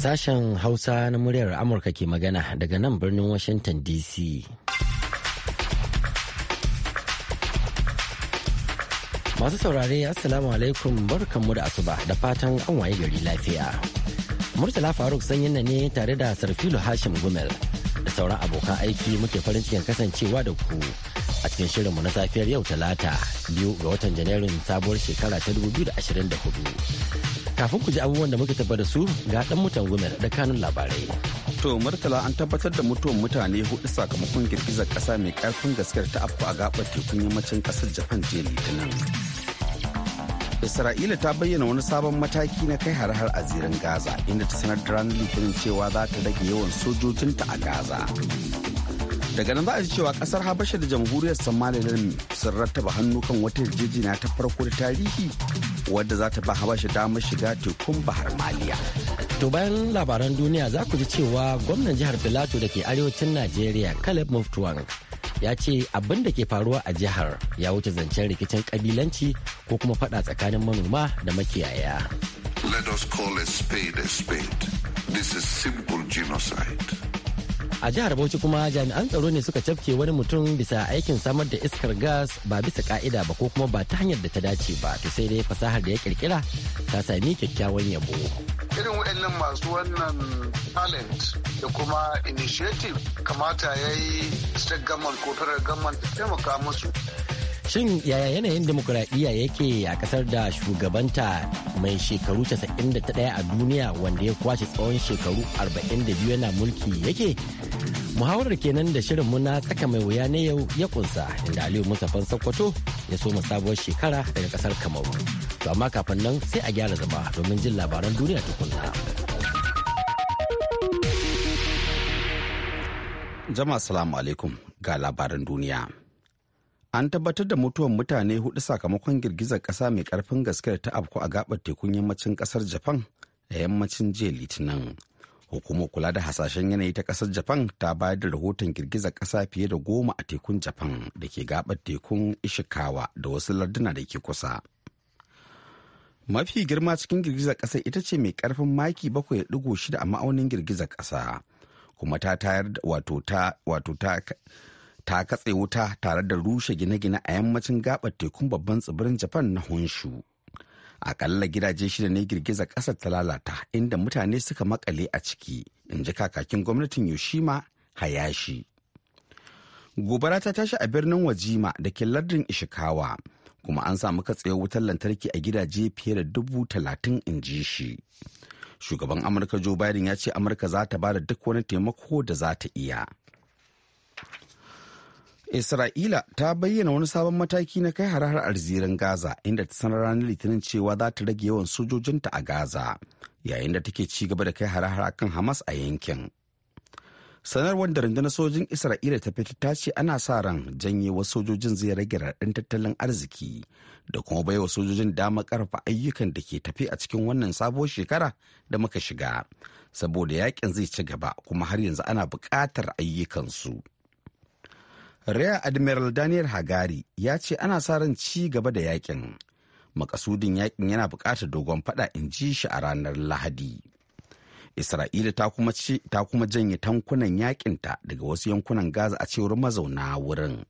Sashen Hausa na muryar Amurka ke magana daga nan birnin Washington DC. Masu saurare Assalamu alaikum barkanmu da asuba da fatan an waye gari lafiya. Murtala Faruk sanyin na ne tare da Sarfilo Hashim Gumel da sauran abokan aiki muke farin cikin kasancewa da ku a cikin shirinmu na safiyar yau talata biyu ga watan Janairun sabuwar shekara ta 2024. Kafin ku ji abubuwan da muka tabbata su ga dan mutan gumel da kanun labarai. To Murtala an tabbatar da mutuwan mutane hudu sakamakon girgizar kasa mai karfin gaskiyar ta afku a gabar tekun yammacin kasar Japan jiya Litinin. Isra'ila ta bayyana wani sabon mataki na kai har-har a zirin Gaza inda ta sanar da ranar Litinin cewa za ta rage yawan sojojinta a Gaza. daga nan za a ji cewa kasar habasha da jamhuriyar somaliland sun rattaba hannu kan wata yarjejeniya ta farko da tarihi wadda za ta ba habashi damar shiga tekun bahar maliya to bayan labaran duniya za ku ji cewa gwamnan jihar filato da ke arewacin najeriya caleb muftuwan ya ce abin da ke faruwa a jihar ya wuce zancen rikicin kabilanci ko kuma fada tsakanin manoma da makiyaya let us call a spade a spade this is simple genocide a jihar bauchi kuma jami'an tsaro ne suka cafke wani mutum bisa aikin samar da iskar gas ba bisa ka'ida ba ko kuma ba ta hanyar da ta dace ba to sai dai fasahar da ya kirkira ta sami kyakkyawan yabo irin waɗannan masu wannan talent da kuma initiative kamata ya yi state government ko federal government taimaka musu Shin yaya yanayin demokuraɗiyya yake a ƙasar da shugabanta mai shekaru 91 a duniya wanda ya kwashe tsawon shekaru 42 yana mulki yake? Muhawarar kenan da shirin muna tsaka mai wuya na yau ya kunsa inda Aliyu Mustapha Sokoto ya so soma sabuwar shekara daga ƙasar Kamaru. To amma kafin nan sai a gyara zama domin jin labaran duniya tukunna. Jama'a salamu alaikum ga labaran duniya. an tabbatar da mutuwan mutane hudu sakamakon girgizar kasa mai karfin gaske ta afku a gabar tekun yammacin kasar japan da yammacin jiya litinin hukumar kula da hasashen yanayi ta kasar japan ta bayar da rahoton girgizar kasa fiye da goma a tekun japan da ke gabar tekun ishikawa da wasu larduna da ke kusa mafi girma cikin girgizar kasa ita ce mai karfin maki bakwai shida a ma'aunin girgizar kasa kuma ta tayar wato ta ta katse wuta tare da rushe gine-gine a yammacin gabar tekun babban tsibirin japan na honshu akalla gidaje shida ne girgiza ƙasar ta lalata inda mutane suka makale a ciki in ji kakakin gwamnatin yoshima hayashi gobara ta tashi a birnin wajima da ke lardin ishikawa kuma an samu katse wutar lantarki a gidaje fiye da dubu talatin in ji shi shugaban amurka joe biden ya ce amurka za ta ba da duk wani taimako da za ta iya Isra'ila ta bayyana wani sabon mataki na kai har-har arzirin Gaza inda ta sanar ranar Litinin cewa za ta rage yawan sojojinta a Gaza yayin da take ci gaba da kai har-har kan Hamas a yankin. Sanarwar da rundunar sojin Isra'ila ta fitar ta ce ana sa ran janye sojojin zai rage raɗin tattalin arziki da kuma baiwa sojojin dama karfa ayyukan da ke tafi a cikin wannan sabuwar shekara da muka shiga saboda yakin zai ci gaba kuma har yanzu ana buƙatar ayyukansu. su. Rear Admiral Daniel Hagari ya ce ana sa ran ci gaba da yakin. Makasudin yakin yana bukatar dogon fada in ji shi a ranar Lahadi. Isra'ila ta kuma janye tankunan yakinta daga wasu yankunan Gaza a cewar mazauna wurin.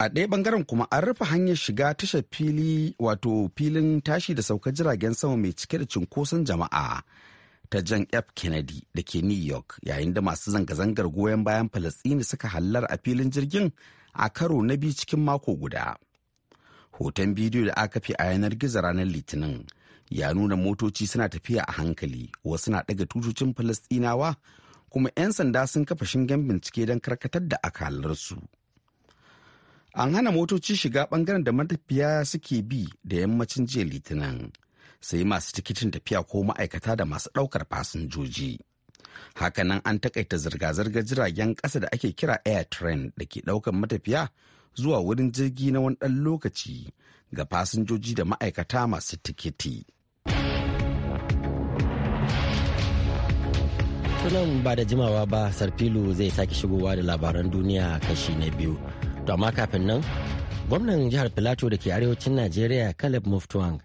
a ɗaya bangaren kuma an rufe hanyar shiga tashar fili wato filin tashi da sauka jiragen sama mai cike da cunkoson jama'a ta John F. Kennedy da ke New York yayin da masu zanga-zangar goyon bayan Falasɗini suka hallar a filin jirgin a karo na biyu cikin mako guda. Hoton bidiyo da aka fi a yanar gizo ranar Litinin ya nuna motoci suna tafiya a hankali wasu na ɗaga tutocin Falasɗinawa kuma 'yan sanda sun kafa shingen bincike don karkatar da akalarsu. An hana motoci shiga bangaren da matafiya suke bi da yammacin jiya Litinin. sai masu tikitin tafiya ko ma'aikata da masu ɗaukar fasinjoji. Hakanan an takaita zirga-zirgar jiragen ƙasa da ake kira air train da ke ɗaukar matafiya zuwa wurin jirgi na wani ɗan lokaci ga fasinjoji da ma'aikata masu tikiti. Tunan ba da jimawa ba Sarfilu zai sake shigowa da labaran duniya kashi na biyu. To amma kafin nan, gwamnan jihar Filato da ke arewacin Najeriya Caleb Muftuang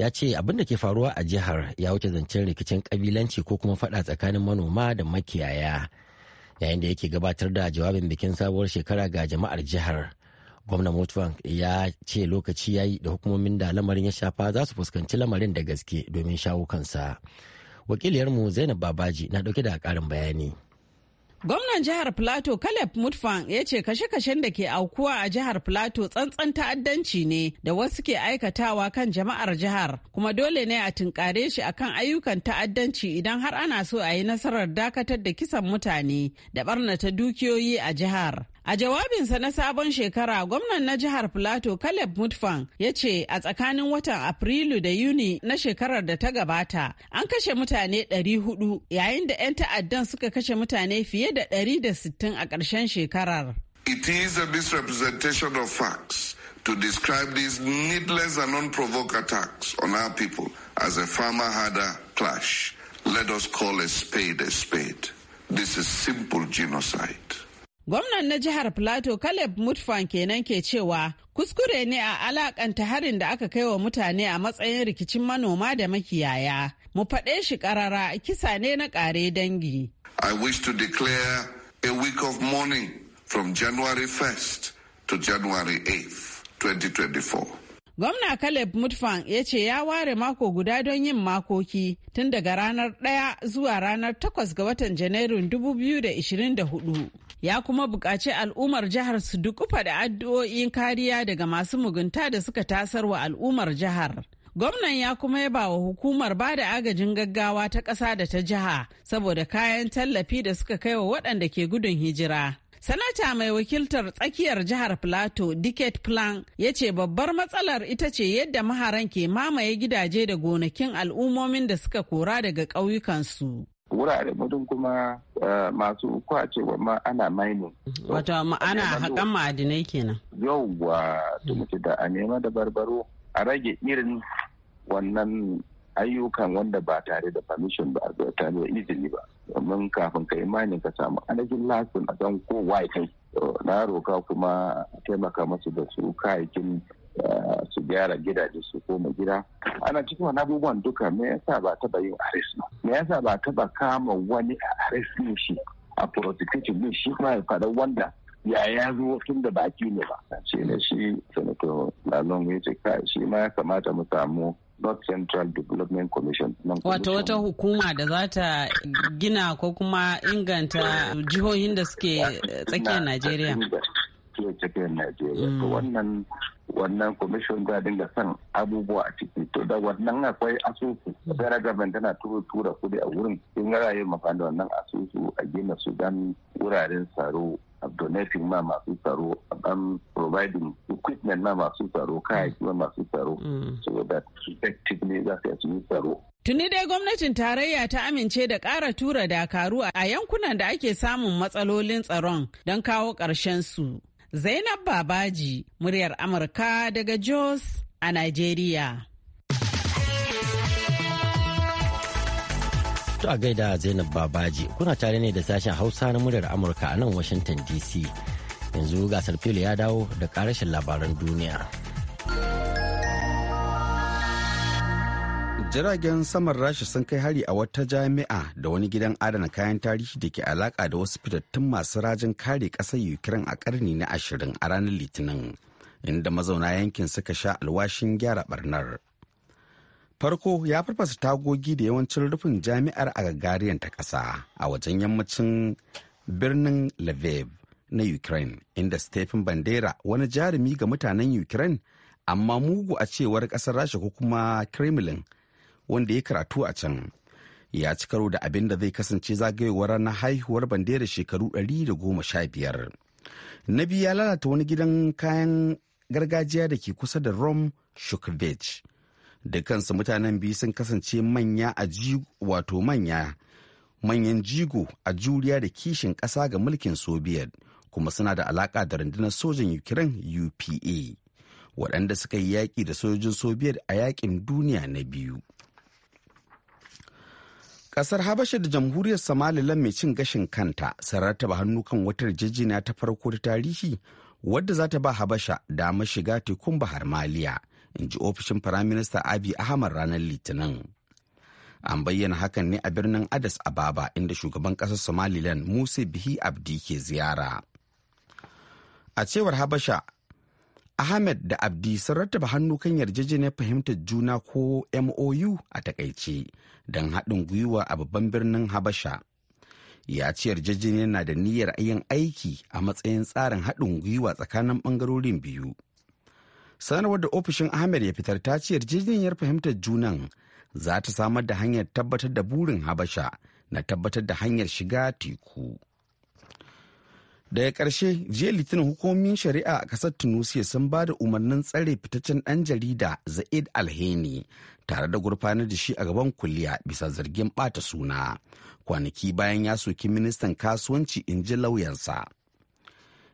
ya ce abin da ke faruwa a jihar ya wuce zancen rikicin kabilanci ko kuma fada tsakanin manoma da makiyaya yayin da yake gabatar da jawabin bikin sabuwar shekara ga jama'ar jihar gwamnan mutuwan ya ce lokaci ya yi da hukumomin da lamarin ya shafa za su fuskanci lamarin da gaske domin shawo kansa wakiliyarmu zainab babaji na dauke da karin bayani Gwamnan jihar Plateau Caleb Mutfang ya ce kashe-kashen da ke aukuwa a jihar Plateau tsantsan ta'addanci ne da wasu ke aikatawa kan jama'ar jihar kuma dole ne a tunkare shi akan ayyukan ta'addanci idan har ana so a yi nasarar dakatar da kisan mutane da barnata dukiyoyi a jihar. A jawabinsa na sabon shekara, gwamnan na jihar Filato Caleb Mutfang ya ce a tsakanin watan Afrilu da Yuni na shekarar da ta gabata an kashe mutane 400 yayin da 'yan ta'addan suka kashe mutane fiye da 160 a ƙarshen shekarar. It is a misrepresentation of facts to describe these needless and unprovoked attacks on our people as a farmer harder clash. Let us call a spade a spade. This is simple genocide. Gwamnan na jihar Plateau Caleb Mutfan kenan ke cewa kuskure ne a alakanta harin da aka kai wa mutane a matsayin rikicin manoma da makiyaya. Mu faɗe shi ƙarara kisa ne na ƙare dangi. I wish to declare a week of mourning from January 1st to January 8th, 2024. Gwamna Caleb Mutfan ya ce ya ware mako guda don yin makoki tun daga ranar ɗaya zuwa ranar takwas ga watan Janairun 2024. Ya kuma buƙaci al'ummar jihar su dukufa da addu'o'in kariya daga masu mugunta da suka tasar wa al'ummar jihar. Gwamnan ya kuma yaba wa hukumar ba da agajin gaggawa ta ƙasa da ta jiha saboda kayan tallafi da suka kai wa waɗanda ke gudun hijira. Sanata mai wakiltar tsakiyar jihar Plateau Dicket Plan ya ce babbar matsalar ita ce yadda maharan ke mamaye gidaje da gonakin al'ummomin da suka kora daga ƙauyukansu. wurare mutum kuma eh, masu kwace ma ana Wata Wato a haƙan ma'adinai kenan. Yauwa, da hmm. da a nema da barbaro a rage irin wannan ayyukan wanda ba tare da permission ba ba tare da izini ba domin kafin ka imani ka samu anajin lasin a san kowa ya kai na roka kuma taimaka masu da su kayakin eh, su gyara gidaje su koma gida ana cikin wani abubuwan duka me yasa ba taba yin arrest me yasa ba taba kama wani a arrest shi a prosecution ne shi kuma ya faɗa wanda ya ya zo tun da baki ne ba shi ne shi sanato lalon ya ce shi ma ya kamata mu samu North Central Development Commission. Wato wata hukuma da za ta gina ko kuma inganta jihohin da suke tsakiyar Najeriya. Mm. Wannan commission za dinga son abubuwa a ciki to da wannan akwai asusu mm. federal gaban tana turo tura kudi a wurin in raye mafanda wannan asusu a gina su dan wuraren tsaro donating ma masu tsaro am providing equipment ma masu tsaro mm. kayayyaki ma masu tsaro mm. so that effectively za su yi tsaro Tuni dai gwamnatin tarayya ta amince da ƙara tura dakaru a yankunan da ake samun matsalolin tsaron don kawo ƙarshen su. Zainab Babaji, muryar Amurka daga Jos a Najeriya. To a gaida Zainab Babaji kuna tare ne da sashen Hausa na muryar Amurka a nan Washington DC. Yanzu gasar filo ya dawo da karashin labaran duniya. Jiragen saman Rasha sun kai hari a wata jami'a da wani gidan adana kayan tarihi da ke alaka da wasu fitattun masu rajin kare ƙasar Ukraine a ƙarni na ashirin a ranar Litinin, inda mazauna yankin suka sha alwashin gyara barnar. farko ya farfasa tagogi da yawancin rufin jami'ar a gagariyar ta ƙasa a wajen yammacin birnin lviv na ukraine inda stephen bandera wani jarumi ga mutanen ukraine amma mugu a cewar ƙasar rasha ko kuma kremlin wanda ya karatu a can ya ci karo da abin da zai kasance zagayowar ranar haihuwar bandera shekaru 115 na biyu ya lalata wani gidan kayan gargajiya da ke kusa da rom shukvich kansu mutanen biyu sun kasance manya a wato manya manyan jigo a juriya da kishin ƙasa ga mulkin soviet kuma suna da alaƙa da rundunar sojan ukraine upa waɗanda suka yi yaƙi da sojojin soviet a yaƙin duniya na biyu Ƙasar Habasha da Jamhuriyar Somaliland mai cin gashin kanta sun rattaba hannu kan wata yarjejeniya ta farko ta tarihi wadda za ta ba Habasha damar shiga tekun Bahar Maliya in ji ofishin firaminista abi ahmad ranar litinin an bayyana hakan ne a birnin addis ababa inda shugaban ƙasar somaliland musa bihi abdi ke ziyara a cewar habasha ahmed da abdi sun rattaba hannu kan yarjejeniyar fahimtar juna ko mou a takaice don haɗin gwiwa a babban birnin habasha ya ce yarjejeniyar na da niyyar yin aiki a matsayin tsarin haɗin gwiwa tsakanin ɓangarorin biyu sanarwar da ofishin ahmed ya fitar ta ce yarjejeniyar fahimtar junan za ta samar da hanyar tabbatar da burin habasha na tabbatar da hanyar shiga teku daga ƙarshe jiya litinin hukumomin shari'a a ƙasar tunisia sun ba da umarnin tsare fitaccen ɗan jarida za'id alheni tare da gurfanar da shi a gaban kuliya bisa zargin ɓata suna kwanaki bayan ya soki ministan kasuwanci in ji lauyansa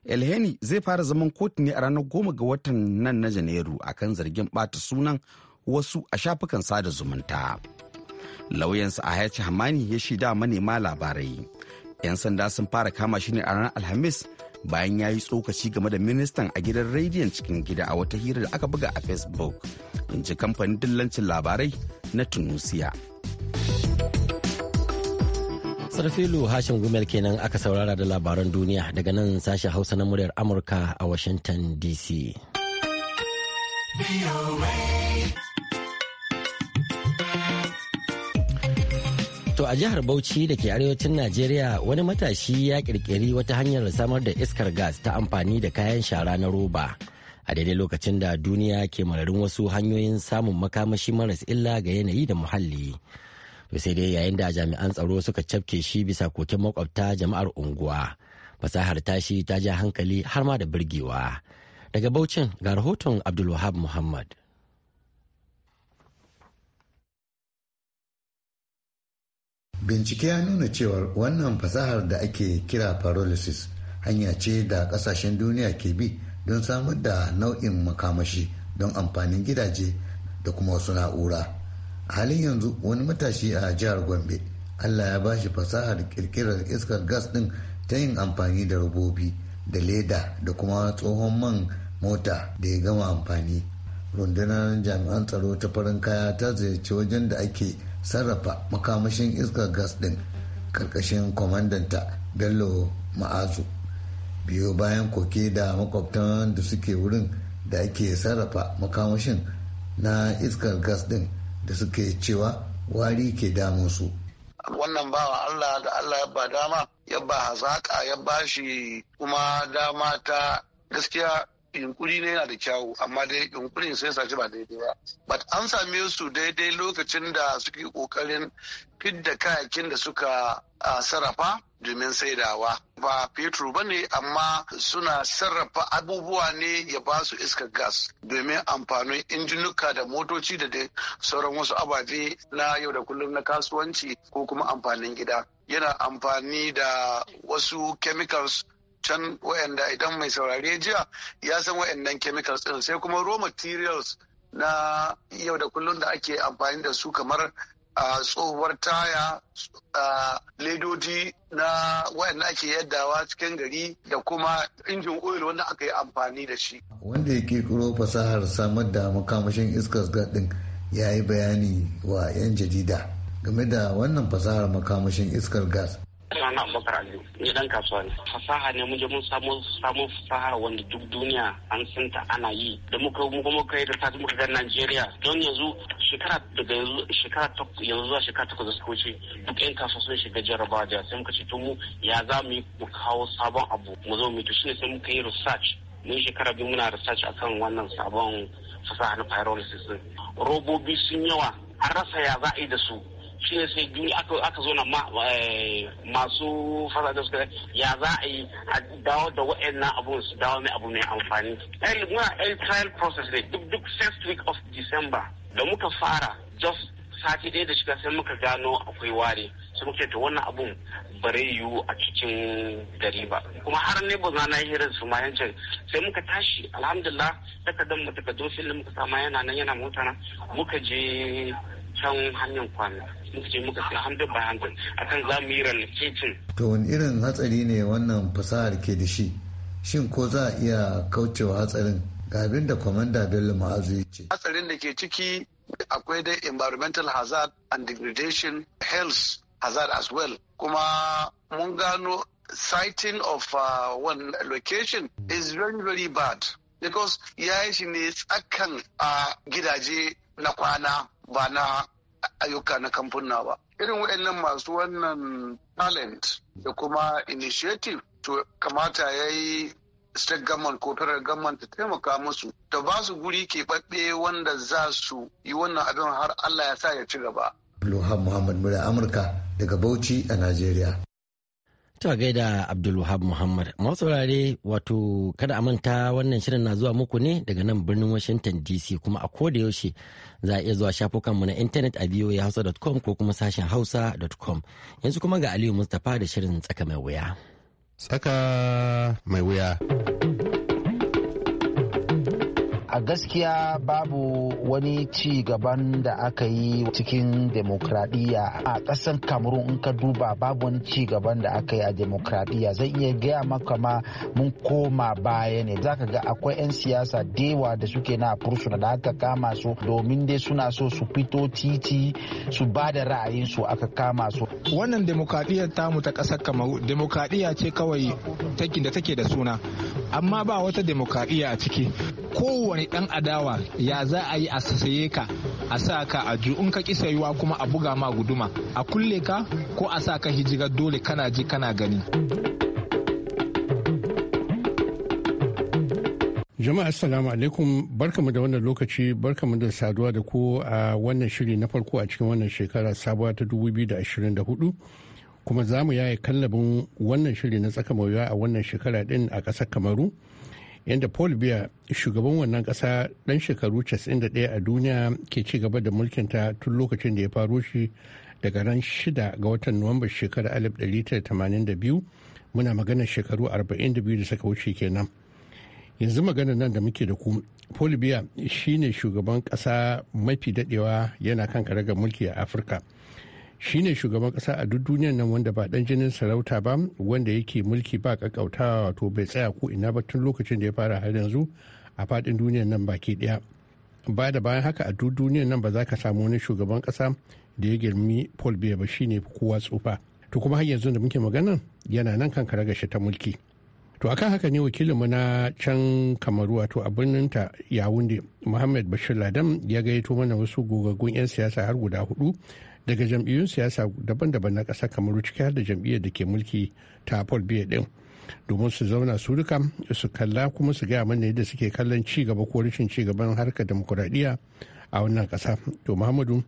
elheni zai fara zaman kotu ne a ranar goma ga watan nan na janairu akan zargin bata sunan wasu a shafukan sada zumunta lauyansa a hayaci hamani ya shida manema labarai 'yan sanda sun fara kama shi ne a ranar alhamis bayan ya yi tsokaci game da ministan a gidan rediyon cikin gida a wata hira da aka buga a facebook in ji kamfanin dillancin labarai na tunisia sarfilu hashin gumel kenan aka saurara da labaran duniya daga nan sashen hausa na muryar amurka a washington dc To a jihar Bauchi da ke arewacin Najeriya wani matashi ya kirkiri wata hanyar samar da iskar gas ta amfani da kayan shara na roba. A daidai lokacin da duniya ke mararin wasu hanyoyin samun makamashi maras illa ga yanayi da muhalli. to sai dai yayin da jami'an tsaro suka cafke shi bisa koken makwabta jama'ar unguwa fasahar tashi ta ja hankali har ma da birgewa daga Bauchin ga rahoton Abdulwahab Muhammad. Bincike ya nuna cewar wannan fasahar da ake kira paralysis hanya ce da kasashen duniya ke bi don samar da nau'in makamashi don amfanin gidaje da kuma wasu na'ura. a halin yanzu wani matashi a jihar gombe allah ya bashi fasahar kirkirar iskar gas din ta yin amfani da robobi da leda da kuma tsohon man mota da ya gama amfani rundunar jami'an tsaro ta farin kaya ta ziyarci wajen da ake sarrafa makamashin iskar gas din karkashin kwamandanta bello ma'azu biyo bayan koke da makwabtan da suke wurin da ake sarrafa makamashin na iskar gas din da suke cewa wari ke damun su. Wannan bawa Allah da Allah ya ba dama, ya ba hazaƙa, ya ba shi kuma dama ta gaskiya yunkuri ne yana da kyawu amma dai yunkurin sai sa ba daidai ba but an same su daidai lokacin da suke kokarin fidda kayakin da suka sarrafa domin saidawa ba fetur ba ne amma suna sarrafa abubuwa ne ya ba su iskar gas domin amfanin injinuka da motoci da dai sauran wasu ababe na yau da kullum na kasuwanci ko kuma amfanin gida yana amfani da wasu chemicals can wayanda idan mai saurare jiya ya san wayannan chemicals din sai kuma raw materials na yau da kullum da ake amfani da su kamar tsohuwar taya ledoji na wayanda ake yaddawa cikin gari da kuma injin oil wanda aka yi amfani da shi wanda ya kirkiro fasahar samar da makamashin iskar gadin ya yi bayani wa 'yan jarida game da wannan fasahar makamashin iskar gas Sana bakar Aliyu, ni dan kasuwa ne. Fasaha ne mun je mun samu samu fasaha wanda duk duniya an san ta ana yi. Da muka muka muka yi da ta muka ga Najeriya don yanzu shekara daga yanzu shekara ta yanzu zuwa shekara ta da suka wuce duk yan kasuwa sun shiga jarabawa da sai muka ce to mu ya za mu mu kawo sabon abu mu zo mu to shine sai muka yi research mun shekara biyu muna research kan wannan sabon fasaha na pyrolysis robobi sun yawa an rasa ya za a yi da su shine sai duniya aka zo na eh, masu fasa da suka ya za a yi a dawo da wa'annan abun su dawo mai abu mai amfani muna el trial process ne duk duk first week of december da muka fara just sati ɗaya da shiga sai muka gano akwai ware su muke ta wannan abun bare yiwu a cikin gari ba kuma har ne ba zana hirin su ma yancin sai muka tashi alhamdulillah takardar mu takardun filin muka sama yana nan yana motana muka je can hanyar kwana muka ce muka sai hamdan ba hamdan akan za mu yi relocating to wani irin hatsari ne wannan fasahar ke da shi shin ko za a iya kaucewa hatsarin ga abin da kwamanda bello ma'azu ya ce hatsarin da ke ciki akwai dai environmental hazard and degradation health hazard as well kuma mun gano sighting of uh, one location is very very bad because ya yi shi ne tsakan a uh, gidaje na kwana ba na ayyuka na kamfuna ba irin waɗannan masu wannan talent da kuma initiative to kamata ya yi state government ko federal government ta taimaka musu ta ba su guri keɓaɓɓe wanda za su yi wannan abin har Allah ya sa ya ci gaba. Abdulhamid Muhammad Mura Amurka daga Bauchi a Najeriya. To gaida Abdulwahab Muhammad. saurare wato kada a manta wannan shirin na zuwa muku ne daga nan birnin Washington DC kuma a koda yaushe za a iya zuwa shafukanmu na intanet a voahausa.com ko kuma sashen hausa.com. Yanzu kuma ga Aliyu Mustapha da shirin tsaka mai wuya. Tsaka mai wuya. a gaskiya babu wani ci gaban da aka yi cikin demokradiyya a ƙasan kamarun in ka duba babu wani ci gaban da aka yi a demokradiyya zai iya gaya maka ma mun koma baya ne zaka ga akwai 'yan siyasa dewa da suke na fursuna da aka kama su domin dai suna so su fito titi su ba da ra'ayinsu aka kama su wannan demokradiyyar tamu ta ƙasar kamaru demokradiyya ce kawai da take da suna amma ba wata demokradiyya a ciki kowane kai dan adawa ya za a yi a saye ka a sa ka a ju in ka kisa yiwa kuma a buga ma guduma a kulle ka ko a sa ka hijira dole kana ji kana gani Jama'a assalamu alaikum barkamu da wannan lokaci barkamu da saduwa da ku a wannan shiri na farko a cikin wannan shekara sabuwa ta 2024 kuma za mu yaye kallabin wannan shiri na tsaka mawuya a wannan shekara din a ƙasar Kamaru yadda paul biya shugaban wannan kasa dan shekaru 91 a duniya ke ci gaba da mulkinta tun lokacin da ya faro shi daga ran 6 ga watan nuwamba shekarar 1982 muna magana shekaru 42 da suka wuce kenan yanzu magana nan da muke da ku paul biya shine shugaban kasa mafi dadewa yana kan karagar mulki a afirka shi ne shugaban kasa a duk duniyar nan wanda ba dan jinin sarauta ba wanda yake mulki ba kakkautawa wato bai tsaya ko ina ba tun lokacin da ya fara har yanzu a fadin duniyar nan baki daya ba da bayan haka a duk duniyar nan ba za ka samu wani shugaban kasa da ya girmi paul biya ba shine kowa tsufa to kuma har yanzu da muke magana yana nan kan karagashi ta mulki to akan haka ne wakilinmu na can kamaru wato a birninta yawunde muhammad bashir ladam ya gayyato mana wasu gogaggun 'yan siyasa har guda hudu daga jam'iyyun siyasa daban-daban na ƙasa kamar ciki da jam'iyyar da ke mulki ta paul biya din domin su zauna su duka su kalla kuma su gaya mana yadda suke kallon ci gaba ko rashin ci gaban harkar demokuraɗiyya a wannan kasa to muhammadu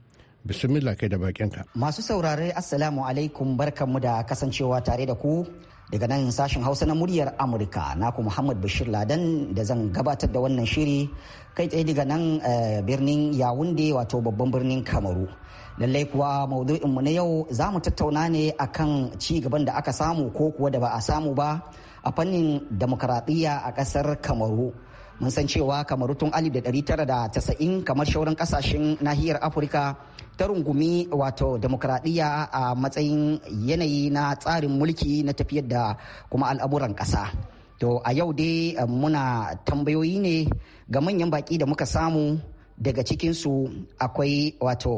bismillah kai da bakinka masu saurare assalamu alaikum barkanmu da kasancewa tare da ku daga nan sashen hausa na muryar amurka naku muhammad bashir ladan da zan gabatar da wannan shiri kai tsaye daga nan eh, birnin yawunde wato babban birnin kamaru lallai kuwa maudu'in na yau za mu tattauna ne akan ci gaban da aka samu ko kuwa da ba a samu ba a fannin demokaradiyya a kasar kamaru mun san cewa kamaru tun 1990 kamar shauran kasashen nahiyar afirka ta rungumi wato demokradiyya a matsayin yanayi na tsarin mulki na tafiyar da kuma al'amuran ƙasa to a yau dai eh, muna tambayoyi ne ga manyan baƙi da muka samu daga cikinsu akwai wato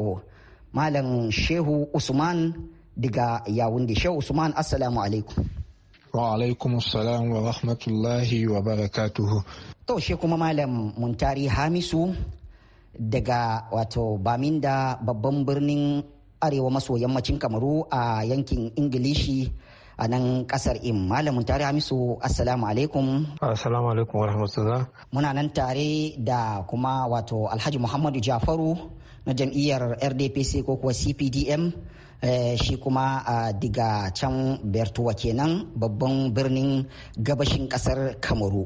malam shehu usman daga yawunde shehu usman assalamu alaikum wa alaikum salam wa rahmatullahi wa barakatuhu to she kuma malam muntari hamisu daga wato baminda babban birnin arewa maso yammacin kamaru a yankin ingilishi a nan kasar im malam tare hamisu assalamu alaikum assalamu alaikum wa rahmatullah muna nan tare da kuma wato alhaji muhammadu jafaru na jam'iyyar rdpc ko kuwa cpdm eh, shi kuma daga can bertuwa kenan babban birnin gabashin kasar kamaru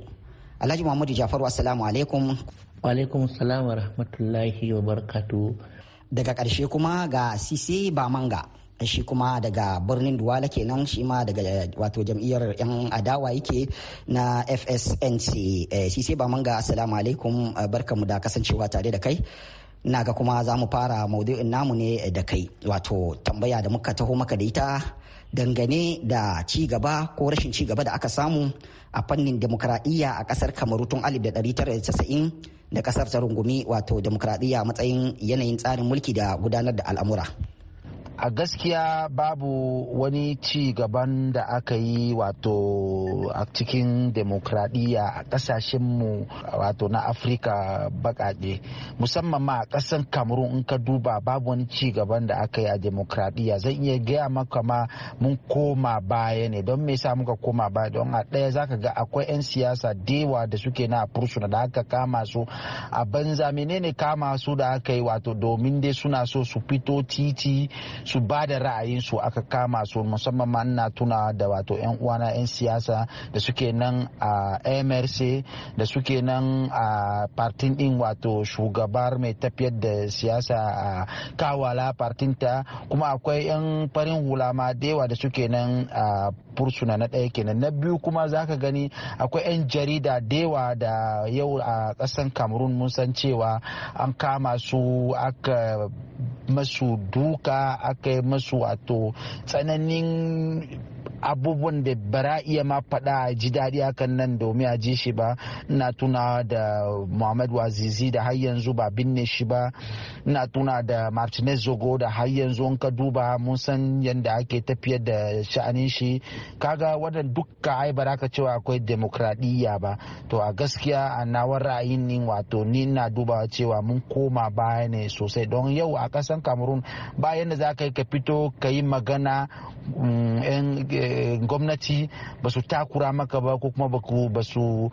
alhaji muhammadu jafaru assalamu alaikum alaikum salam wa rahmatullahi wa barkatu daga ƙarshe kuma ga cc ba manga shi kuma daga birnin duwala kenan shi ma daga wato jam'iyyar yan adawa yake na fsnc eh, cc ba manga assalamu alaikum eh, barkamu da kasancewa tare da kai ina ga kuma za mu fara maudu'in namu ne da kai wato tambaya da muka taho maka da ita dangane da ci gaba ko rashin ci gaba da aka samu a fannin demokradiyya a kasar kamaru tun 1990 da kasar ta rungumi wato demokradiyya matsayin yanayin tsarin mulki da gudanar da al'amura. a gaskiya babu wani ci gaban da aka yi wato a cikin demokradiyya a kasashenmu wato na afirka bakake musamman ma a kasan cameroon in ka duba babu wani ci gaban da aka yi a demokradiyya zan iya gaya maka ma mun koma baya ne don me sa muka koma baya don a ɗaya zaka ga akwai 'yan siyasa dewa da suke na fursuna da aka kama su a banza menene kama su da aka yi wato domin dai suna so su fito titi su ba da ra'ayinsu aka kama su musamman ma ina tuna da wato 'yan uwana 'yan siyasa da suke nan a mrc da suke nan a partin din wato shugabar mai tafiyar da siyasa a kawala partin ta kuma akwai 'yan farin hula ma da yawa da suke nan a fursuna na ɗaya kenan na biyu kuma za ka gani akwai 'yan jarida da yawa da yau a ƙasar cameroon mun san cewa an kama su aka masu duka aka yi masu wato tsananin abubuwan da bara iya ma faɗa ji daɗi hakan nan domin a ji shi ba na tuna da muhammad wazizi da har yanzu ba binne shi ba na tuna da martinez zogo da har yanzu in ka duba mun san yadda ake tafiyar da sha'anin shi kaga wannan dukka ai ba ka cewa akwai demokradiyya ba to a gaskiya a nawar ra'ayin ni wato ni na duba cewa mun koma baya ne sosai don yau a kasan cameroon bayan da za ka yi ka fito ka yi magana mm, eh, Eh, gwamnati ba su takura maka ba ko kuma ba su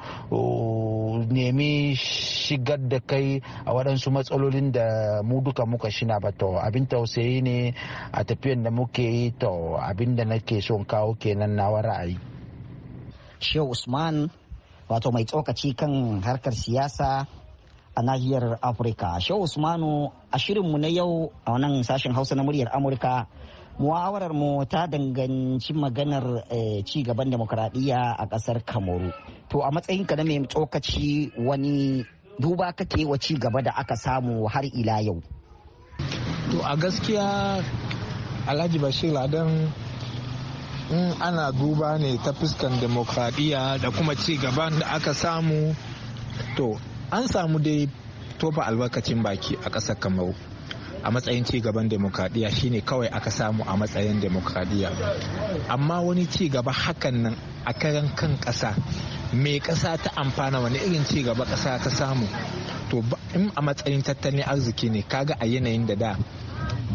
nemi shigar da kai a waɗansu matsalolin da mu duka muka shina ba to abin tausayi ne a tafiyan da muke yi to abin da nake son kawo kenan na ra'ayi. Shehu Usman wato mai tsokaci kan harkar siyasa a nahiyar Afirka. Shehu Usmanu a shirinmu na yau a wannan sashen Hausa na muryar Amurka muhawarar mu ta danganci maganar eh, ci gaban demokuraɗiyya a ƙasar kamaru to a matsayin ka na mai tsokaci wani duba kake wa ci gaba da aka samu har ila yau to a gaskiya alhaji bashir ladan in ana duba ne ta fuskan demokradiyya da kuma ci gaban da aka samu to an samu dai tofa albarkacin baki a ƙasar kamaru a matsayin ci gaban demokradiyya shine kawai aka samu a matsayin demokradiyya amma wani ci gaba hakan nan a karan kan kasa mai ƙasa ta amfana wani irin ci gaba ƙasa ta samu to in a matsayin tattalin arziki ne kaga a yanayin da da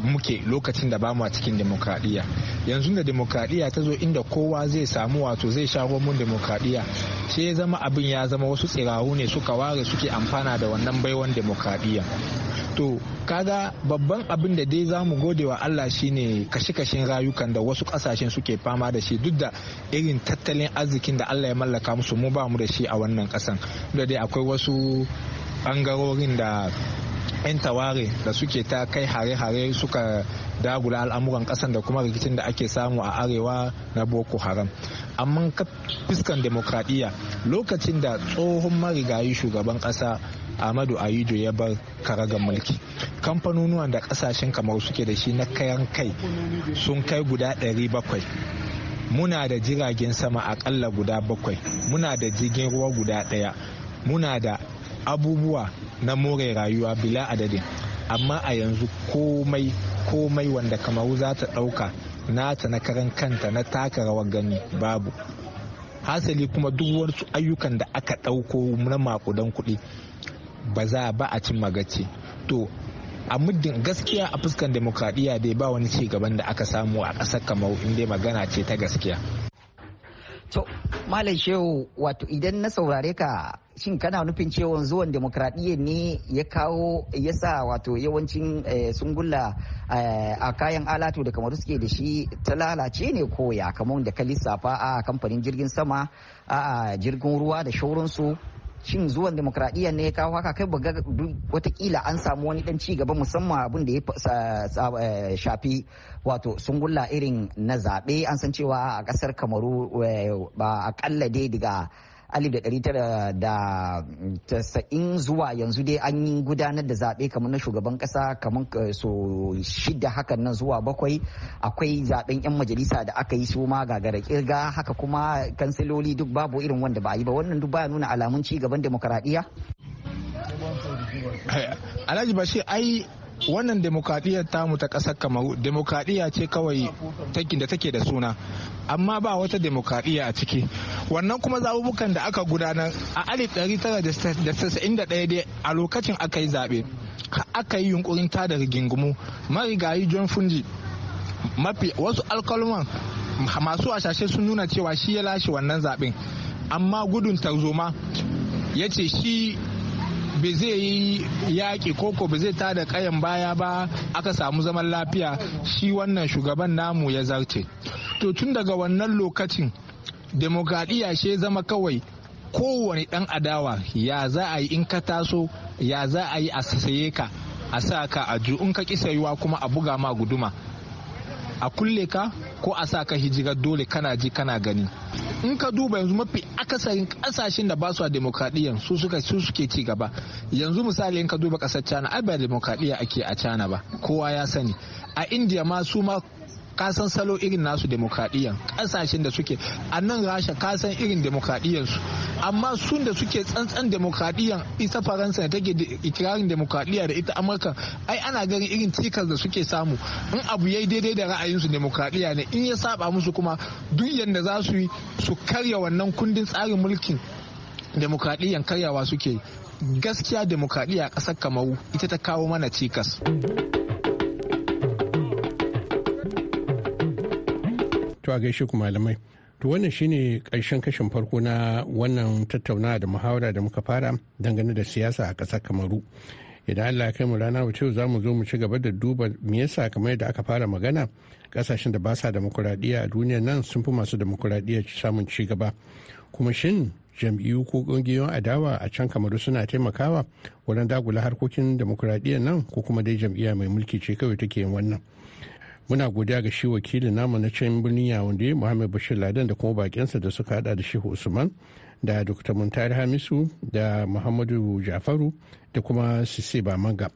muke lokacin da ba mu a cikin demokradiyya yanzu da demokradiyya ta zo inda kowa zai samu wato zai sha mun demokradiyya sai ya zama abin ya zama wasu tsirahu ne suka ware suke amfana da wannan baiwan demokradiyya to kaga babban abin da dai za mu gode wa Allah shine kashe-kashen rayukan da wasu kasashen suke fama da shi duk da irin tattalin arzikin da Allah ya mallaka musu mu ba mu da shi a wannan kasan da dai akwai wasu bangarorin da 'yan taware da suke ta kai hare-hare suka dagula al'amuran kasan da kuma rikicin da ake samu a arewa na boko haram amma fuskan demokradiyya lokacin da tsohon marigayi shugaban kasa amadu ayido ya bar karagar mulki kamfanonuwan da kasashen kamar suke da shi na kayan kai sun kai guda 700 muna da jiragen sama akalla guda bakwai muna da jirgin ruwa guda ɗaya muna da abubuwa na more rayuwa bila adadin amma a yanzu komai komai wanda kamaru za ta ɗauka nata na karan kanta na taka rawar gani babu hasali kuma duk wasu ayyukan da aka ɗauko na makudan kuɗi ba za ba a cin magace to a muddin gaskiya a fuskan demokradiyya dai ba wani ci gaban da aka samu a ƙasar kamau inda magana ce ta gaskiya To, Malam Shehu, wato idan na saurare ka shin kana nufin cewa zuwan demokradiyya ne ya kawo ya sa wato yawancin eh, sungulla eh, a kayan alatu da kamar suke da shi ta lalace ne ko ya kamar da ka lissafa a kamfanin jirgin sama a jirgin ruwa da shauransu shin zuwan demokradiyya ne ya kawo haka kai ba watakila an samu wani dan ci gaba musamman abin da ya eh, shafi wato sungulla irin na zaɓe an san cewa a kasar kamaru eh, ba a dai daga 1990 zuwa yanzu dai an yi gudanar da zaɓe kamar na shugaban ƙasa kamar eh, so shida hakan nan zuwa bakwai akwai zaɓen 'yan majalisa da aka yi su ma gagara kirga haka kuma kansiloli duk babu irin wanda ba yi ba wannan duk baya nuna alamun ci gaban demokaradiyya Alhaji shi ai wannan ta tamu ta kasar kamaru demokradiyya ce kawai da take da suna amma ba wata demokradiyya a ciki wannan kuma zabubukan da aka gudanar a 1991 a lokacin aka yi zaɓe aka yi yunkurin tada rigingumu marigayi john funji mafi wasu alkalman masu ashashe sun nuna cewa shi ya lashe wannan zaɓen amma gudun tarzoma ya ce shi ba zai yi yaƙi koko ba zai tada kayan baya ba aka samu zaman lafiya shi wannan shugaban namu ya zarce to tun daga wannan lokacin demokradiyya shi zama kawai kowane ɗan adawa ya za a yi in ka taso ya za a yi a saye ka a sa ka a ju in ka yiwa kuma a buga ma guduma a kulle ka ko a sa ka hijirar dole kana ji kana gani in ka duba yanzu mafi akasarin kasashen da ba su a demokradiyan su suka su suke ci gaba yanzu misali in ka duba kasar China ai ba demokradiyya ake a China ba kowa ya sani a India ma su ma kasan salo irin nasu demokradiyan kasashen da suke a nan rasha kasan irin demokradiyan su amma sun da suke tsantsan demokradiyyan ita faransa da take ikirarin demokradiyya da ita amurka ai ana ganin irin cikas da suke samu in abu yi daidai da ra'ayin su demokradiyya ne in ya saba musu kuma duk yadda za su yi su karya wannan kundin tsarin mulkin demokradiyyan karyawa suke gaskiya demokradiyya a ƙasar kamaru ita ta kawo mana cikas to a gaishe ku malamai To wannan shine ƙarshen kashin farko na wannan tattaunawa da muhawara da muka fara dangane da siyasa a ƙasar Kamaru. Idan Allah kai mu rana wuce za mu zo mu ci gaba da duba me yasa kamar yadda aka fara magana ƙasashen da ba sa demokuraɗiyya a duniya nan sun fi masu demokuraɗiyya samun ci gaba. Kuma shin jam'iyyu ko ƙungiyoyin adawa a can Kamaru suna taimakawa wurin dagula harkokin demokuraɗiyya nan ko kuma dai jam'iyya mai mulki ce kawai take yin wannan. muna godiya ga shi wakilin namu na can birnin yawande muhammad bashir ladan da kuma bakinsa da suka hada da shehu usman da dr muntari hamisu da muhammadu jafaru da kuma sise manga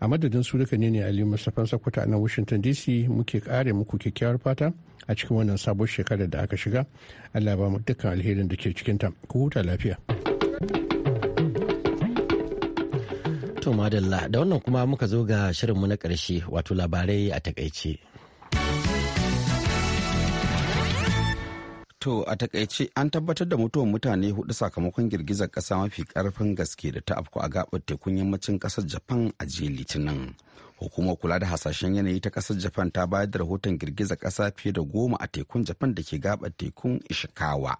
a madadin su duka ne ne ali mustapha sakwata a washington dc muke kare muku kyakkyawar fata a cikin wannan sabon shekarar da aka shiga allah ba mu dukkan alherin da ke cikinta ku huta lafiya to madalla da wannan kuma muka zo ga shirinmu na ƙarshe wato labarai a takaice To a takaice an tabbatar da mutuwar mutane hudu sakamakon girgizar kasa mafi karfin gaske da ta afku a gabar tekun yammacin kasar Japan a jiya Litinin. Hukumar kula da hasashen yanayi ta kasar Japan ta bayar da rahoton girgizar kasa fiye da goma a tekun Japan da ke gabar tekun Ishikawa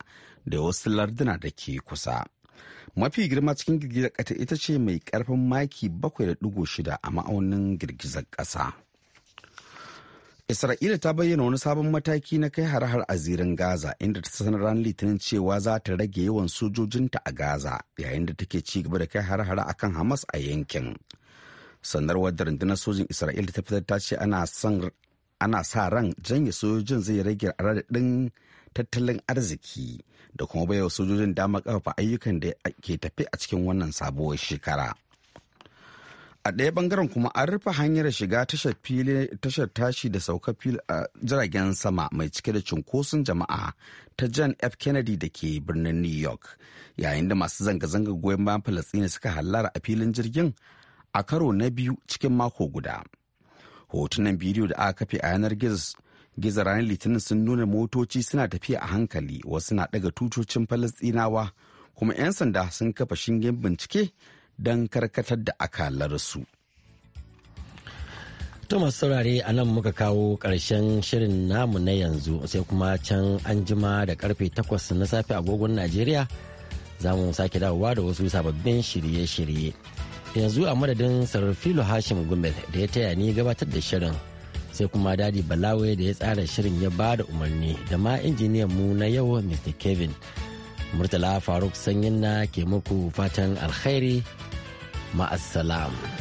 da wasu larduna da ke kusa. Mafi girma cikin girgizar kasa ita ce mai karfin maki bakwai da shida a ma'aunin girgizar kasa. Isra'ila ta bayyana wani sabon mataki na kai har-har a zirin Gaza inda ta sanar ranar Litinin cewa za ta rage yawan sojojinta a Gaza yayin da take ci gaba da kai har-har kan Hamas a yankin. Sanarwar da rundunar sojin Isra'ila ta fitar ta ce ana sa ran janye sojojin zai rage raɗaɗin tattalin arziki da kuma baiwa sojojin damar ƙarfafa ayyukan da ke tafi a cikin wannan sabuwar shekara. a ɗaya bangaren kuma an rufe hanyar shiga tashar tashi da sauka a jiragen sama mai cike da cunkoson jama'a ta john f kennedy da ke birnin new york yayin da masu zanga-zanga goyon bayan falastina suka hallara a filin jirgin a karo na biyu cikin mako guda hotunan bidiyo da aka kafe a yanar gizo ranar litinin sun nuna motoci suna tafiya a hankali wasu na daga tutocin falasɗinawa kuma 'yan sanda sun kafa shingen bincike don karkatar da akalarsu. To masu saurare a nan muka kawo ƙarshen shirin namu na yanzu sai kuma can an jima da karfe takwas na safe agogon Najeriya za mu sake dawowa da wasu sababbin shirye-shirye. Yanzu a madadin Sarfilo Hashim Gumel da ya taya ni gabatar da shirin sai kuma Dadi Balawe da ya tsara shirin ya ba da umarni da ma injiniyan mu na yau Mr. Kevin. Murtala Faruk Sanyin na ke muku fatan alkhairi. ma'assalam.